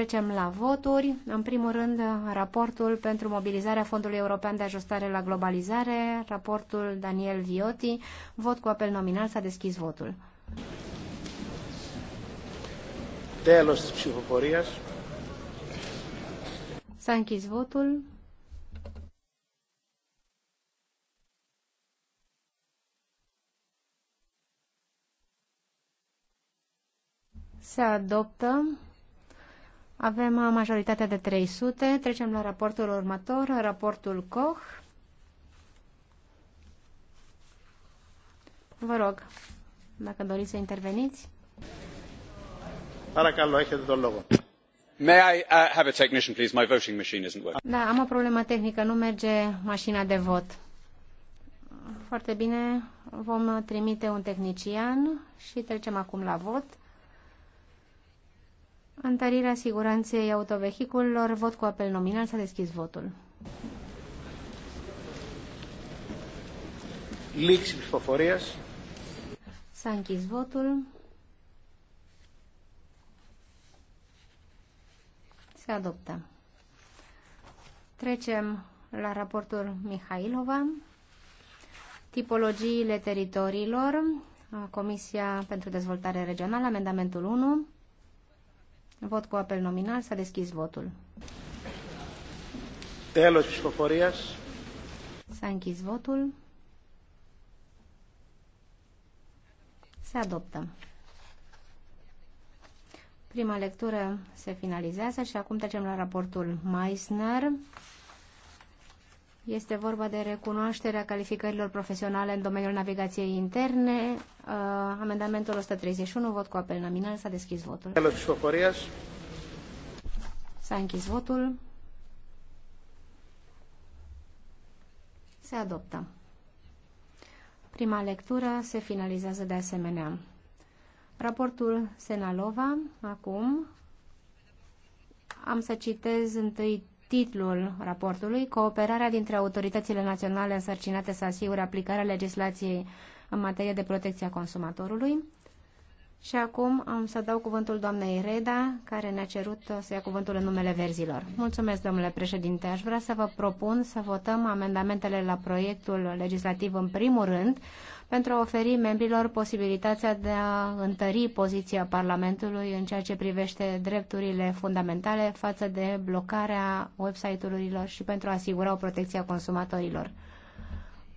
Trecem la voturi. În primul rând, raportul pentru mobilizarea Fondului European de Ajustare la Globalizare, raportul Daniel Viotti. Vot cu apel nominal s-a deschis votul. Τέλος της S-a închis votul. Se adoptă avem majoritatea de 300. Trecem la raportul următor, raportul Koch. Vă rog, dacă doriți să interveniți. May I uh, have a technician, please? My voting machine isn't working. Da, am o problemă tehnică, nu merge mașina de vot. Foarte bine, vom trimite un tehnician și trecem acum la vot. Întărirea siguranței autovehiculelor, vot cu apel nominal, s-a deschis votul. Λήξη ψηφοφορίας. S-a închis votul. Se adoptă. Trecem la raportul Mihailova. Tipologiile teritoriilor. Comisia pentru Dezvoltare Regională, amendamentul 1. Vot cu apel nominal. S-a deschis votul. Τέλος ψηφοφορίας. S-a închis votul. Se adoptă. Prima lectură se finalizează și acum trecem la raportul Meissner. Este vorba de recunoașterea calificărilor profesionale în domeniul navigației interne, Uh, amendamentul 131, vot cu apel nominal, s-a deschis votul. S-a închis votul. Se adoptă. Prima lectură se finalizează de asemenea. Raportul Senalova, acum, am să citez întâi titlul raportului, Cooperarea dintre autoritățile naționale însărcinate să asigure aplicarea legislației în materie de protecție a consumatorului. Și acum am să dau cuvântul doamnei Reda, care ne-a cerut să ia cuvântul în numele verzilor. Mulțumesc, domnule președinte. Aș vrea să vă propun să votăm amendamentele la proiectul legislativ în primul rând, pentru a oferi membrilor posibilitatea de a întări poziția Parlamentului în ceea ce privește drepturile fundamentale față de blocarea website-urilor și pentru a asigura o protecție a consumatorilor.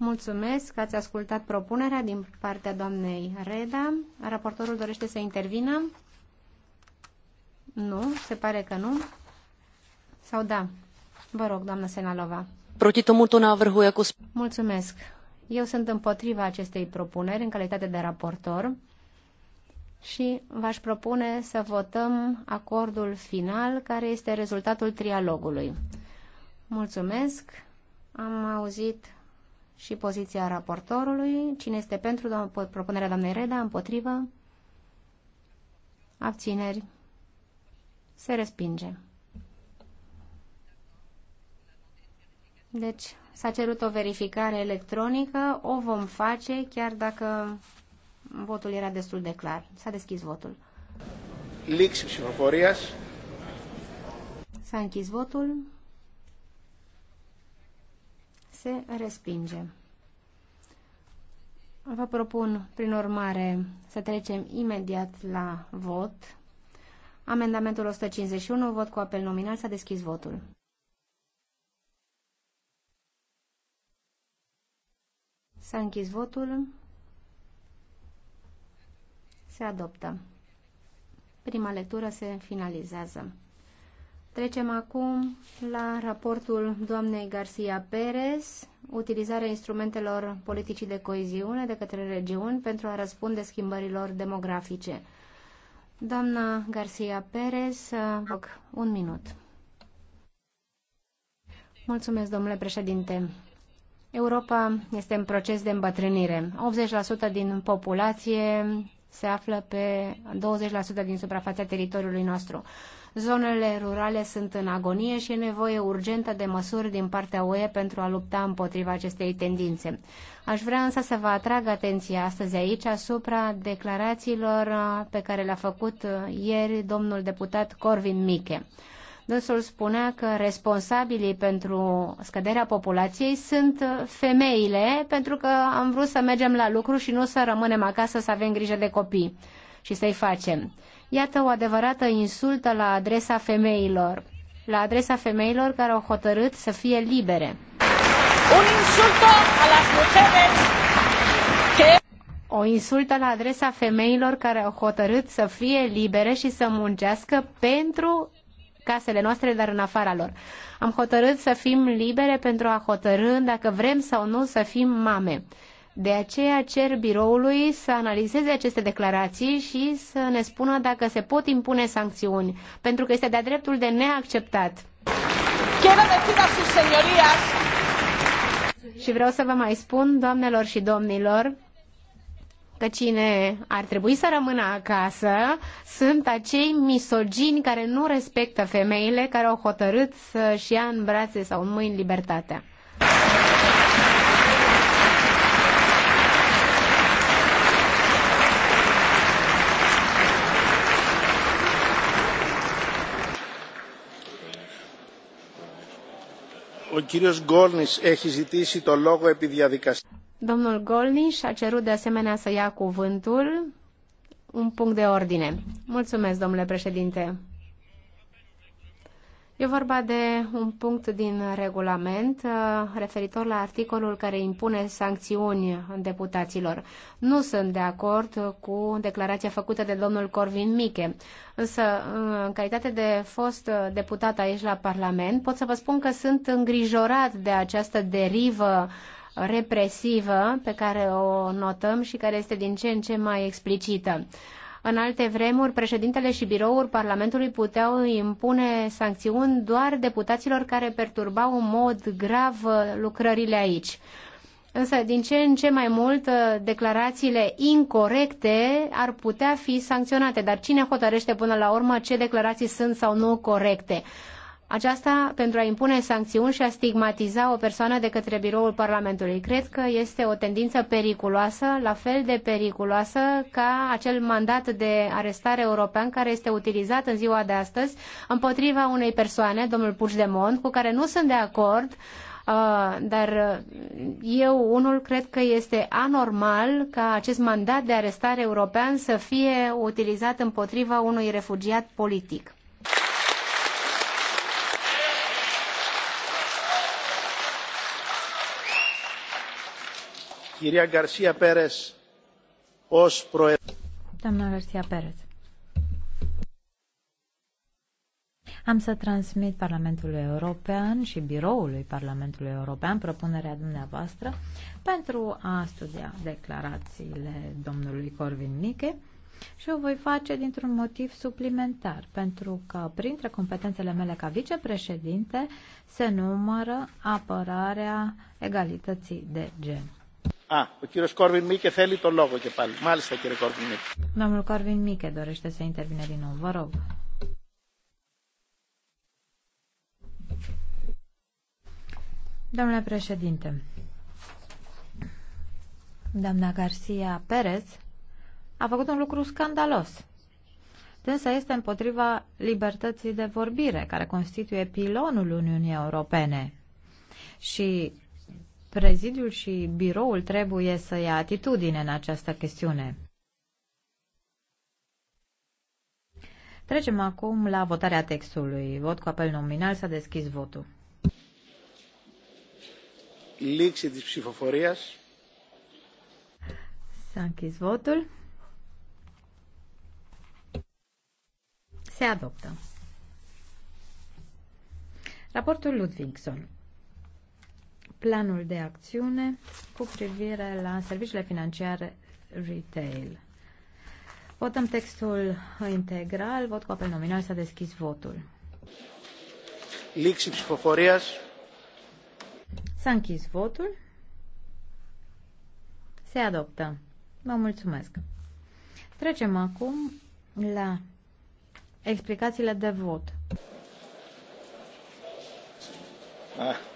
Mulțumesc că ați ascultat propunerea din partea doamnei Reda. Raportorul dorește să intervină? Nu, se pare că nu. Sau da? Vă rog, doamnă Senalova. Mulțumesc. Eu sunt împotriva acestei propuneri în calitate de raportor și v-aș propune să votăm acordul final care este rezultatul trialogului. Mulțumesc. Am auzit și poziția raportorului. Cine este pentru doamna, propunerea doamnei Reda? Împotrivă? Abțineri? Se respinge. Deci s-a cerut o verificare electronică, o vom face chiar dacă votul era destul de clar. S-a deschis votul. Lix și S-a închis votul se respinge. Vă propun, prin urmare, să trecem imediat la vot. Amendamentul 151, vot cu apel nominal, s-a deschis votul. S-a închis votul. Se adoptă. Prima lectură se finalizează. Trecem acum la raportul doamnei Garcia Perez, utilizarea instrumentelor politicii de coeziune de către regiuni pentru a răspunde schimbărilor demografice. Doamna Garcia Perez, vă rog, un minut. Mulțumesc, domnule președinte. Europa este în proces de îmbătrânire. 80% din populație se află pe 20% din suprafața teritoriului nostru. Zonele rurale sunt în agonie și e nevoie urgentă de măsuri din partea UE pentru a lupta împotriva acestei tendințe. Aș vrea însă să vă atrag atenția astăzi aici asupra declarațiilor pe care le-a făcut ieri domnul deputat Corvin Miche. Dânsul spunea că responsabilii pentru scăderea populației sunt femeile, pentru că am vrut să mergem la lucru și nu să rămânem acasă să avem grijă de copii și să-i facem. Iată o adevărată insultă la adresa femeilor, la adresa femeilor care au hotărât să fie libere. Un insulto a las mujeres que... O insultă la adresa femeilor care au hotărât să fie libere și să muncească pentru casele noastre, dar în afara lor. Am hotărât să fim libere pentru a hotărâ dacă vrem sau nu să fim mame. De aceea cer biroului să analizeze aceste declarații și să ne spună dacă se pot impune sancțiuni, pentru că este de-a dreptul de neacceptat. Și vreau să vă mai spun, doamnelor și domnilor, că cine ar trebui să rămână acasă sunt acei misogini care nu respectă femeile care au hotărât să-și ia în brațe sau în mâini libertatea. Ο κύριος Γκόρνης έχει ζητήσει το λόγο επί διαδικασίας. Domnul Golniș a cerut de asemenea să ia cuvântul. Un punct de ordine. Mulțumesc, domnule președinte. E vorba de un punct din regulament uh, referitor la articolul care impune sancțiuni deputaților. Nu sunt de acord cu declarația făcută de domnul Corvin Miche, însă uh, în calitate de fost deputat aici la Parlament pot să vă spun că sunt îngrijorat de această derivă represivă pe care o notăm și care este din ce în ce mai explicită. În alte vremuri, președintele și biroul Parlamentului puteau impune sancțiuni doar deputaților care perturbau în mod grav lucrările aici. Însă, din ce în ce mai mult, declarațiile incorrecte ar putea fi sancționate. Dar cine hotărăște până la urmă ce declarații sunt sau nu corecte? Aceasta pentru a impune sancțiuni și a stigmatiza o persoană de către biroul Parlamentului. Cred că este o tendință periculoasă, la fel de periculoasă ca acel mandat de arestare european care este utilizat în ziua de astăzi împotriva unei persoane, domnul Puigdemont, cu care nu sunt de acord, uh, dar eu unul cred că este anormal ca acest mandat de arestare european să fie utilizat împotriva unui refugiat politic. doamnă Γκαρσία Πέρες, Garcia Perez. Am să transmit Parlamentului European și biroului Parlamentului European propunerea dumneavoastră pentru a studia declarațiile domnului Corvin Miche și o voi face dintr-un motiv suplimentar, pentru că printre competențele mele ca vicepreședinte se numără apărarea egalității de gen. Domnul Corvin Miche dorește să intervine din nou. Vă rog. Domnule președinte, doamna Garcia Perez a făcut un lucru scandalos. Dânsa este împotriva libertății de vorbire, care constituie pilonul Uniunii Europene. Și Prezidiul și biroul trebuie să ia atitudine în această chestiune. Trecem acum la votarea textului. Vot cu apel nominal s-a deschis votul. Lixi de ψηφοφορίας. S-a închis votul. Se adoptă. Raportul Ludvigson planul de acțiune cu privire la serviciile financiare retail. Votăm textul integral, vot cu apel nominal, s-a deschis votul. Λήξη ψηφοφορίας. S-a închis votul. Se adoptă. Vă mulțumesc. Trecem acum la explicațiile de vot. Ah.